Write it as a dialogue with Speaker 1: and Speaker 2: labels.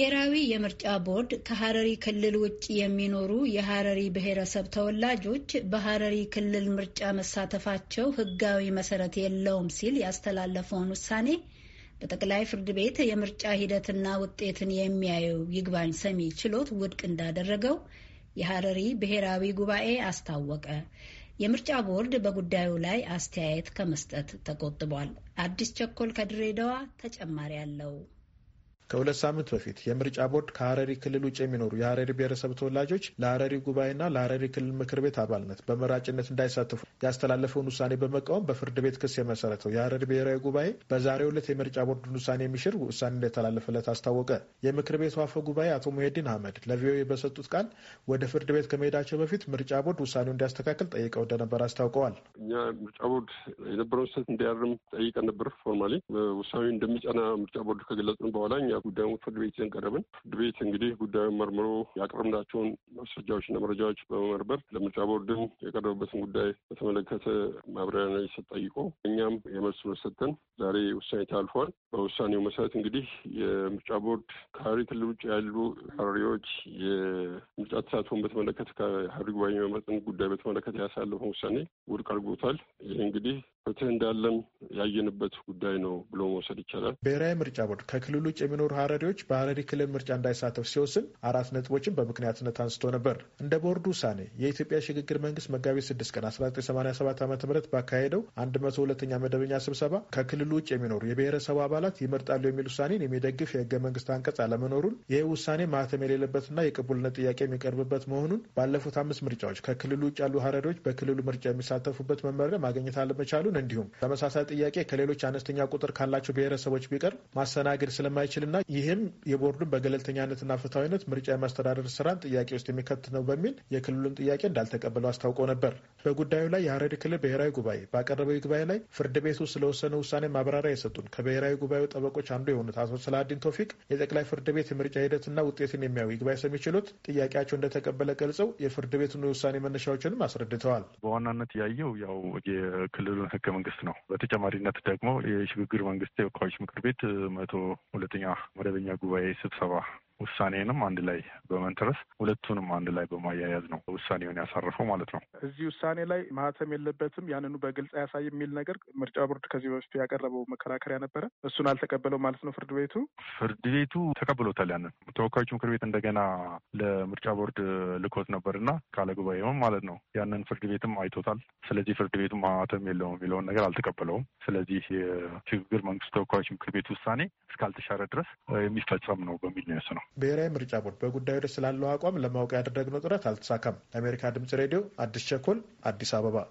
Speaker 1: ብሔራዊ የምርጫ ቦርድ ከሀረሪ ክልል ውጭ የሚኖሩ የሀረሪ ብሔረሰብ ተወላጆች በሀረሪ ክልል ምርጫ መሳተፋቸው ሕጋዊ መሰረት የለውም ሲል ያስተላለፈውን ውሳኔ በጠቅላይ ፍርድ ቤት የምርጫ ሂደትና ውጤትን የሚያየው ይግባኝ ሰሚ ችሎት ውድቅ እንዳደረገው የሀረሪ ብሔራዊ ጉባኤ አስታወቀ። የምርጫ ቦርድ በጉዳዩ ላይ አስተያየት ከመስጠት ተቆጥቧል። አዲስ ቸኮል ከድሬዳዋ ተጨማሪ አለው።
Speaker 2: ከሁለት ሳምንት በፊት የምርጫ ቦርድ ከሀረሪ ክልል ውጭ የሚኖሩ የሀረሪ ብሔረሰብ ተወላጆች ለሀረሪ ጉባኤና ለሀረሪ ክልል ምክር ቤት አባልነት በመራጭነት እንዳይሳተፉ ያስተላለፈውን ውሳኔ በመቃወም በፍርድ ቤት ክስ የመሰረተው የሀረሪ ብሔራዊ ጉባኤ በዛሬው ዕለት የምርጫ ቦርድን ውሳኔ የሚሽር ውሳኔ እንደተላለፈለት አስታወቀ። የምክር ቤቱ አፈ ጉባኤ አቶ ሙሄዲን አህመድ ለቪኦኤ በሰጡት ቃል ወደ ፍርድ ቤት ከመሄዳቸው በፊት ምርጫ ቦርድ ውሳኔው እንዲያስተካክል ጠይቀው እንደነበር አስታውቀዋል።
Speaker 3: እኛ ምርጫ ቦርድ የነበረውን ስህተት እንዲያርም ጠይቀን ነበር። ፎርማሊ ውሳኔ እንደሚጸና ምርጫ ቦርድ ከገለጽን በኋላ ጉዳዩን ፍርድ ቤት ይዘን ቀረብን። ፍርድ ቤት እንግዲህ ጉዳዩን መርምሮ ያቀረብናቸውን ማስረጃዎችና መረጃዎች በመመርበር ለምርጫ ቦርድን የቀረበበትን ጉዳይ በተመለከተ ማብራሪያ እንዲሰጥ ጠይቆ እኛም የመልስ መሰጠን ዛሬ ውሳኔ ታልፏል። በውሳኔው መሰረት እንግዲህ የምርጫ ቦርድ ከሀረሪ ክልል ውጭ ያሉ ሀረሪዎች የምርጫ ተሳትፎን በተመለከተ ከሀረሪ ጉባኤ መመረጥን ጉዳይ በተመለከተ ያሳለፈውን ውሳኔ ውድቅ አድርጎታል። ይህ እንግዲህ ፍትህ እንዳለን ያየንበት ጉዳይ ነው ብሎ መውሰድ ይቻላል።
Speaker 2: ብሔራዊ ምርጫ ቦርድ ከክልል ውጭ የሚኖሩ ሀረሪዎች በሀረሪ ክልል ምርጫ እንዳይሳተፍ ሲወስን አራት ነጥቦችን በምክንያትነት አንስቶ ነበር። እንደ ቦርዱ ውሳኔ የኢትዮጵያ ሽግግር መንግስት መጋቢት 6 ቀን 1987 ዓ ም ባካሄደው 102ኛ መደበኛ ስብሰባ ከክልሉ ውጭ የሚኖሩ የብሔረሰቡ አባላት ይመርጣሉ የሚል ውሳኔን የሚደግፍ የህገ መንግስት አንቀጽ አለመኖሩን፣ ይህ ውሳኔ ማህተም የሌለበትና የቅቡልነት ጥያቄ የሚቀርብበት መሆኑን፣ ባለፉት አምስት ምርጫዎች ከክልሉ ውጭ ያሉ ሀረሪዎች በክልሉ ምርጫ የሚሳተፉበት መመሪያ ማግኘት አለመቻሉን እንዲሁም ተመሳሳይ ጥያቄ ከሌሎች አነስተኛ ቁጥር ካላቸው ብሔረሰቦች ቢቀር ማስተናገድ ስለማይችልና ይህም የቦርዱን በገለልተኛነትና ፍትሐዊነት ምርጫ የማስተዳደር ስራን ጥያቄ ውስጥ የሚከት ነው በሚል የክልሉን ጥያቄ እንዳልተቀበለው አስታውቆ ነበር። በጉዳዩ ላይ የሀረሪ ክልል ብሔራዊ ጉባኤ ባቀረበው ጉባኤ ላይ ፍርድ ቤቱ ስለወሰነ ውሳኔ ማብራሪያ የሰጡን ከብሔራዊ ጉባኤው ጠበቆች አንዱ የሆኑት አቶ ሰላዲን ቶፊቅ የጠቅላይ ፍርድ ቤት የምርጫ ሂደትና ውጤትን የሚያዩ ይግባኝ ሰሚ ችሎት ጥያቄያቸው እንደተቀበለ ገልጸው የፍርድ ቤቱን ውሳኔ መነሻዎችንም አስረድተዋል።
Speaker 4: በዋናነት ያየው ያው የክልሉን ህገ መንግስት ነው። በተጨማሪነት ደግሞ የሽግግር መንግስት የወካዮች ምክር ቤት መቶ ሁለተኛ መደበኛ ጉባኤ ስብሰባ ውሳኔንም አንድ ላይ በመንተረስ ሁለቱንም አንድ ላይ በማያያዝ ነው ውሳኔውን ያሳረፈው ማለት ነው።
Speaker 2: እዚህ ውሳኔ ላይ ማህተም የለበትም ያንኑ በግልጽ ያሳይ የሚል ነገር ምርጫ ቦርድ ከዚህ በፊት ያቀረበው መከራከሪያ ነበረ። እሱን አልተቀበለው ማለት ነው ፍርድ ቤቱ
Speaker 4: ፍርድ ቤቱ ተቀብሎታል። ያንን ተወካዮች ምክር ቤት እንደገና ለምርጫ ቦርድ ልኮት ነበርና ቃለ ጉባኤውም ማለት ነው ያንን ፍርድ ቤትም አይቶታል። ስለዚህ ፍርድ ቤቱ ማህተም የለውም የሚለውን ነገር አልተቀበለውም። ስለዚህ የሽግግር መንግስት ተወካዮች ምክር ቤት ውሳኔ እስካልተሻረ ድረስ የሚፈጸም ነው
Speaker 2: በሚል ነው የወሰነው። ብሔራዊ ምርጫ ቦርድ በጉዳዩ ላይ ስላለው አቋም ለማወቅ ያደረግነው ጥረት አልተሳካም። ለአሜሪካ ድምጽ ሬዲዮ አዲስ ቸኮል አዲስ አበባ